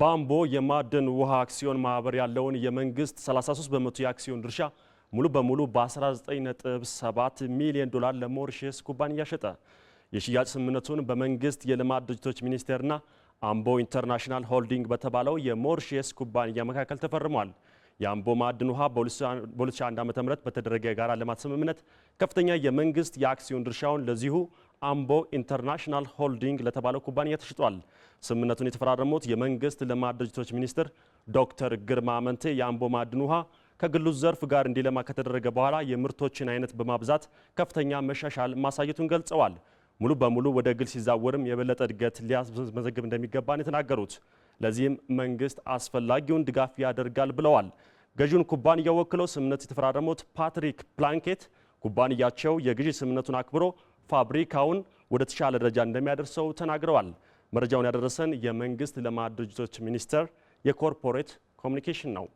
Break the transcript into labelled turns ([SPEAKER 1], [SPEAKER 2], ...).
[SPEAKER 1] ባምቦ የማዕድን ውሃ አክሲዮን ማህበር ያለውን የመንግስት 33 በመቶ የአክሲዮን ድርሻ ሙሉ በሙሉ በ19.7 ሚሊዮን ዶላር ለሞሪሸስ ኩባንያ ሸጠ። የሽያጭ ስምምነቱን በመንግስት የልማት ድርጅቶች ሚኒስቴርና አምቦ ኢንተርናሽናል ሆልዲንግ በተባለው የሞሪሸስ ኩባንያ መካከል ተፈርሟል። የአምቦ ማዕድን ውሃ በ2001 ም በተደረገ የጋራ ልማት ስምምነት ከፍተኛ የመንግስት የአክሲዮን ድርሻውን ለዚሁ አምቦ ኢንተርናሽናል ሆልዲንግ ለተባለው ኩባንያ ተሽጧል። ስምምነቱን የተፈራረሙት የመንግስት ልማት ድርጅቶች ሚኒስትር ዶክተር ግርማ አመንቴ የአምቦ ማዕድን ውሃ ከግሉ ዘርፍ ጋር እንዲለማ ከተደረገ በኋላ የምርቶችን አይነት በማብዛት ከፍተኛ መሻሻል ማሳየቱን ገልጸዋል። ሙሉ በሙሉ ወደ ግል ሲዛወርም የበለጠ እድገት ሊያስመዘግብ እንደሚገባን የተናገሩት ለዚህም መንግስት አስፈላጊውን ድጋፍ ያደርጋል ብለዋል። ገዢውን ኩባንያ ወክለው ስምምነት የተፈራረሙት ፓትሪክ ፕላንኬት ኩባንያቸው የግዢ ስምምነቱን አክብሮ ፋብሪካውን ወደ ተሻለ ደረጃ እንደሚያደርሰው ተናግረዋል። መረጃውን ያደረሰን የመንግስት ልማት ድርጅቶች ሚኒስቴር የኮርፖሬት ኮሚኒኬሽን ነው።